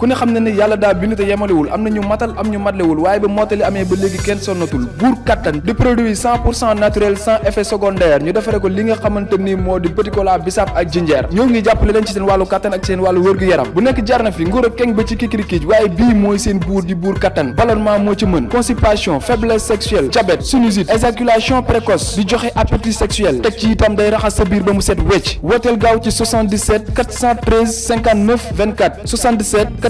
ku ne xam ne ne yàlla daa bindu te yemalewul am na ñu matal am ñu matlewul waaye ba mottali amee ba léegi kenn sonnatul buur kattan di produit naturel sans effet secondaire ñu defare ko li nga xamante ni moo di petit cola bisaab ak jinjeer ñoo ngi jàppale leen ci seen wàllu kattan ak seen wàllu wërgu-yaram bu nekk jar na fi nguur ak keng ba ci kikirikiij waaye bii mooy seen buur di buur kattan ballonnement moo ci mën constipation faiblesse sexuelle joxe appétit sexuel day raxas sa biir ba mu set wecc wooteel gaaw ci 77 413 59 24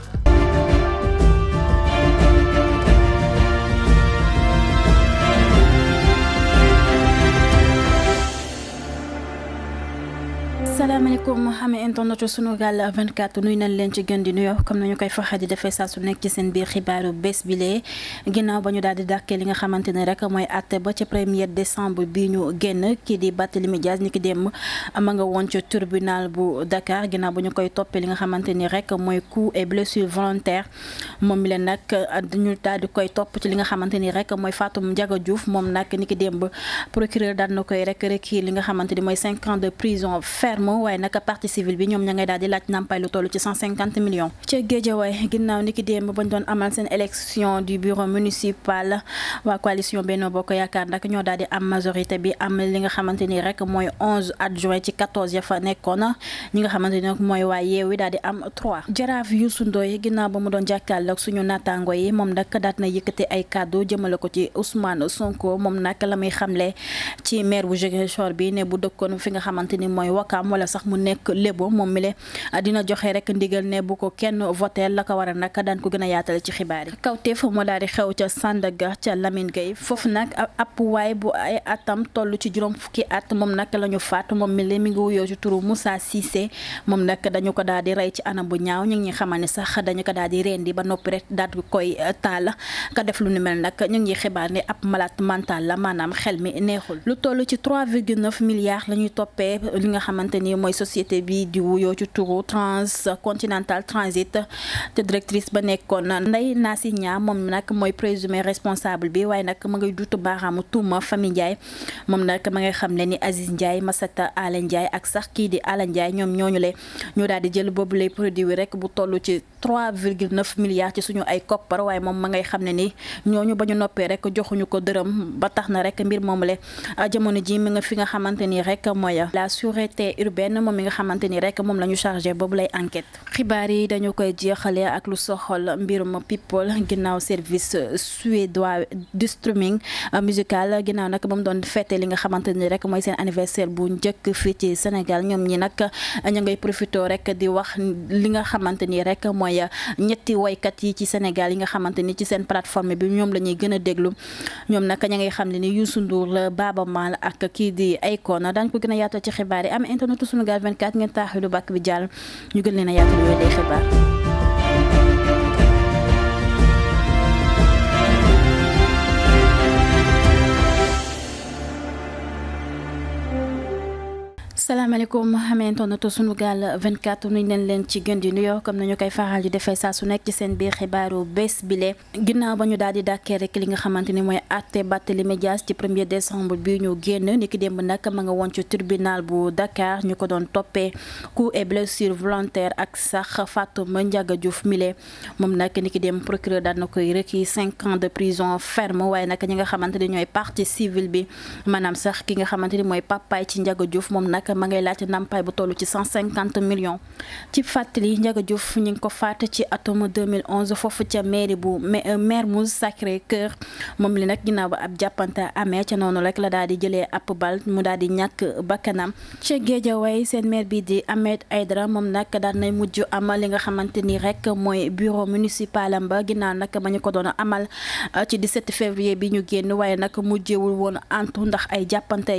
asalaamaaleykum xam ba ñu di dàkkee li nga xamante ne rek mooy àtte ba ci premier décembre bi ñu génn kii di Barthélémy Dias ni ki dem ama ba ñu koy toppee li nga xamante ni rek mooy coups et blessures volontaires moom mi leen nag ñu daal di koy topp ci li nga xamante ni rek mooy Fatou Ndiaga Diouf moom nag ni ki procureur daal na koy rek requis li nga xamante ni mooy cinq ans de prison ferme waaye nag partie civile bi ñoom ña ngay daal di laaj nàmpaay lu toll ci 150 millions ca ginnaaw ni ki démb bañ doon amal seen élection du bureau municipal waa coalition Benno Bokk Yaakaar nag ñoo daal di am majorité bi am li nga xamante ni mooy 11 adjoint ci 14 nekkoon ñi nga xamante ni nag mooy waa daal di am 3 jaraaf Youssou Ndoye ginnaaw ba mu doon jàkkaarloog suñu naataango yi moom nag daat na yëkkati ay kàddu jëmale ko sax mu nekk lébo moom mi le ah, dina joxe rek ndigal ne bu ko kenn voteel la waral nag daan ko gën a yaatal ci xibaar yi kawteef moo daal di xew ca Sandaga ca Lamine Gueye foofu nag ab waay bu ay atam toll ci juróom fukki at moom nag la ñu faat moom mi le mi ngi wuyoo ci turu Moussa Cissé moom nag dañu ko daal di rey ci anam bu ñaaw ñu ngi ñuy xamal ne sax dañu ko daal di rendi ba noppi rek daal di koy eh, taal ka def lu nu mel nag ñu ngi xibaar ni ab malaat mental la maanaam xel mi neexu mooy société bi di wuyoo ci turu transcontinental transit te directrice ba nekkoon Ndeye Nassi Nia moom nag mooy présumé responsable bi waaye nag ma ngay duutu baaraamu tuuma famille njaay moom nag ma ngay xam ne ni Aziz Ndiaye Massata Ala Ndiaye ak sax kii di Ala Ndiaye ñoom ñooñu le ñoo daal di jël boobu lay produit rek bu toll ci trois virgule neuf milliards ci suñu ay koppar waaye moom ma ngay xam ne ni ñooñu ba ñu noppee rek joxuñu ko dërëm ba tax na rek mbir moom le ah, jamono ji mi nga fi nga xamante ni rek mooy Sène moom mi nga xamante ni rek moom la ñu chargé boobu lay enquête xibaar yi dañu koy jeexalee ak lu soxal mbirum people ginnaaw service suédois du streaming musical ginnaaw ba mu doon fête li nga xamante ni rek mooy seen anniversaire bu njëkk fii ci Sénégal ñoom ñi nag ñu ngay profité rek di wax li nga xamante ni rek mooy ñetti woykat yi ci Sénégal yi nga xamante ni ci seen plateforme bi ñoom la ñuy gën a déglu ñoom nag ña ngay xam ne ni Youssou Ndour la Baaba Maal ak kii di Akon daañu ko gën a ci xibaar yi am internet sunu Sénégal 24 ngeen taaxilu bàkk bi jàll ñu gën leen a yaatal yooyu day xibaar asalaamaaleykum xameentoonatu sunu gaal 24 nuñ leen leen ci gën di nuyoo comme nañu koy faral di defee saa su nekk ci seen biir xibaaru bés bile ginnaaw ba ñu daal di dàkkee rek li nga xamante ni mooy àtte Barthélémy Dias ci 1er décembre bi ñu génn ni ki démb nag ma nga woon ci tribunal bu Dakar ñu ko doon toppee coups et blessures volontaires ak sax ma Ndiaga Diouf mile moom nag ni ki démb procureur daal na koy requis 5 ans de prison ferme waaye nag ñi nga xamante ni ñooy partie civile bi maanaam sax ki nga xamante ni mooy papaay ci Ndiaga lay laaj ndàmpaay bu toll ci 150 millions ci fàttali Ndiaga Diouf ñi ngi ko faat ci atum 2011 foofu ca mairie bu euh, Mermoz Sacré-Cœur moom li nag ginnaaw ba ab jàppante amee ca noonu rek la daal di jëlee ab bal mu daal di ñàkk bakkanam ca Géejawaay seen maire bi di ay dara moom nag daan nay mujj amal li nga xamante ni rek mooy bureau municipal am ba ginnaaw nag ba ñu ko doon amal euh, ci 17 février bi ñu génn waaye nag mujjewul woon antu ndax ay jàppante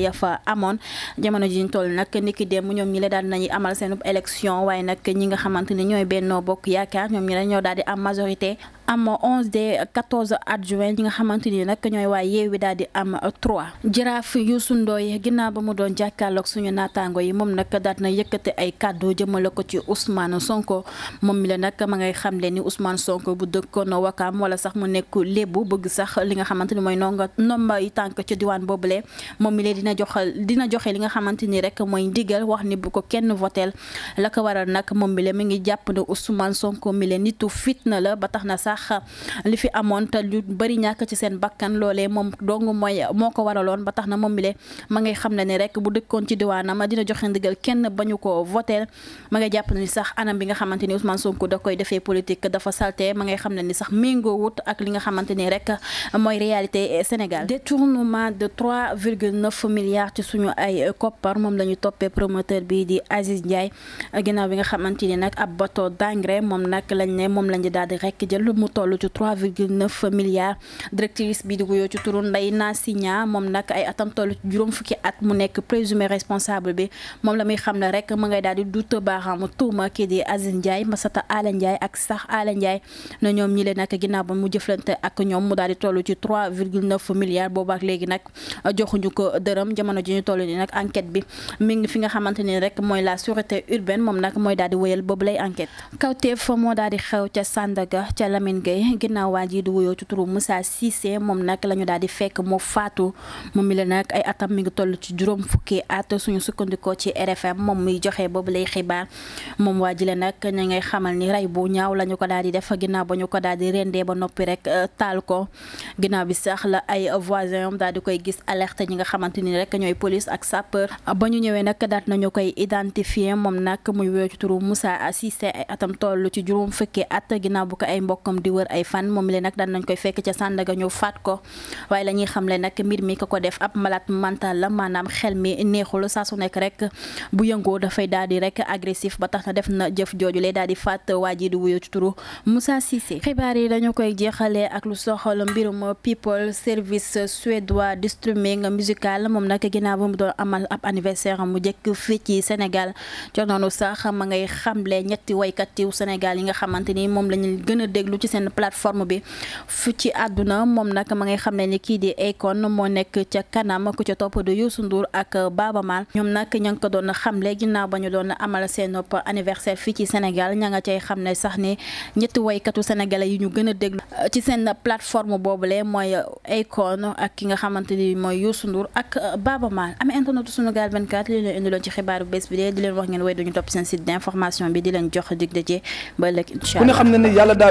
niki dem ñoom ñi la daan nañu amal seen élection waaye nag ñi nga xamante ne ñooy Benno Bokk Yaakaar ñoom ñi la ñoo daal di am majorité am onze des quatorze adjoints ñi nga xamante ni nag ñooy waa Yewwi daal di am trois jaraaf Youssou Ndoye ginnaaw ba mu doon jàkkaarloog suñu naataango yi moom nag daal na yëkkate ay kàddu jëmale ko ci Ousmane Sonko moom mi la nag ma ngay xamle ni Ousmane Sonko bu dëkkoon Wakaam wala sax mu nekk Lébu bëgg sax li nga xamante ni mooy nonga nomba yi tànk ci diwaan boobule moom mi lee dina joxal li nga xamante ni rek mooy ndigal wax ni bu ko kenn voteel la ko waral nag moom mi la mi ngi jàpp ne Ousmane Sonko mi la nitu fitna la ba tax na sax ndax li fi amoon te lu bëri ñàkk ci seen bakkan loolee moom dong mooy moo ko waraloon ba tax na moom bile ma ngay xam ne ni rek bu dëkkoon ci diwaanam dina joxe ndigal kenn bañu ko voter ma ngay jàpp ni sax anam bi nga xamante ni Ousmane Sonko da koy defee politique dafa salte ma ngay ne ni sax méngoo ak mooy réalité Sénégal détournement de 3,9 milliards ci suñu ay koppar moom la ñu toppee promoteur bi di Aziz Ndiaye ginnaaw bi nga xamante ni nag ab bateau d'engrais moom nag lañ ne moom lañ daal di rek toll ci 3,9 milliards directrice bi di wuyoo ci turu Ndeye Nacy moom nag ay atam toll ci juróom fukki at mu nekk présumé responsable bi moom la muy xam ne rek ma ngay daal di duut baaraamu tuuma kii di Aziz Ndiaye Massata Alla Ndiaye ak sax Alla Ndiaye na ñoom ñi leen nag ginnaaw ba mu jëflante ak ñoom mu daal di toll ci 3,9 milliards boobu ak léegi nag joxuñu ko dërëm jamono ji ñu toll nii bi mi ngi fi nga xamante ni rek mooy la sûreté urbaine moom nag mooy daal di wéyal boobu lay enquête kawteef moo daal xew ca Sandaga ca Lamine Lamine Gueye ginnaaw waa ji di wuyoo ci turu Moussa Cissé moom nag la ñu daal di fekk moo faatu moom mi la nag ay atam mi ngi toll ci juróom fukki ni rey bu ñaaw la ñu ko di def ginnaaw ba ñu ko daal di rendee ba noppi rek euh, taal ko ginnaaw bi sax la ay voisin am daal di koy gis alerte ñi nga xamante ni ba ñu ñëwee nag daat nañu koy identifier moom nag muy wuyoo ci turu at ginnaaw bu ko ay mbokkam di wër ay fan moom le nag daan nañ koy fekk ca Sandaga ñëw faat ko waaye la ñuy xam mbir mi ko ko def ab malade mental la maanaam xel mi neexul saa su nekk rek bu yëngoo dafay daal di rek ba tax na def na jëf jooju lay daal di faat waa ji di wuyu ci turu Moussa yi dañu koy jeexalee ak lu soxal mbirum people service suédois de streaming musical moom nag ginnaaw ba mu doon amal ab anniversaire mu jëkk fii ci Sénégal jox noonu sax ma ngay xamle ñetti waykat yu Sénégal yi nga xamante ni moom lañu gën a déglu ci seen plateforme bi fu ci àdduna moom nag ma ngay xam ne ni kii di Akon moo nekk ca kanam ku ca topp di Youssou Ndour ak Baaba Maal ñoom nag ña ngi ko doon xamle ginnaaw ba ñu doon amal seen anniversaire fii ci Sénégal ña nga cay xam ne sax ni ñetti waykatu sénégalais yi ñu gën a déglu ci seen plateforme boobule mooy Akon ak ki nga xamante ni mooy Youssou Ndour ak Baaba Maal amee internet Sunugal 24 li leen indiloon ci xibaaru bés bi de di leen wax ngeen way duñu topp seen site d'information bi di leen jox dig daje ba ëllëg incha allah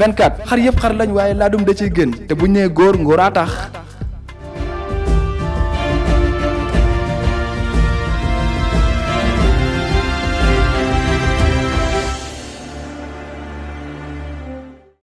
24 xar yëpp xar lañ waaye laadum da ciy gën te bu ñu nee góor ngóoraa tax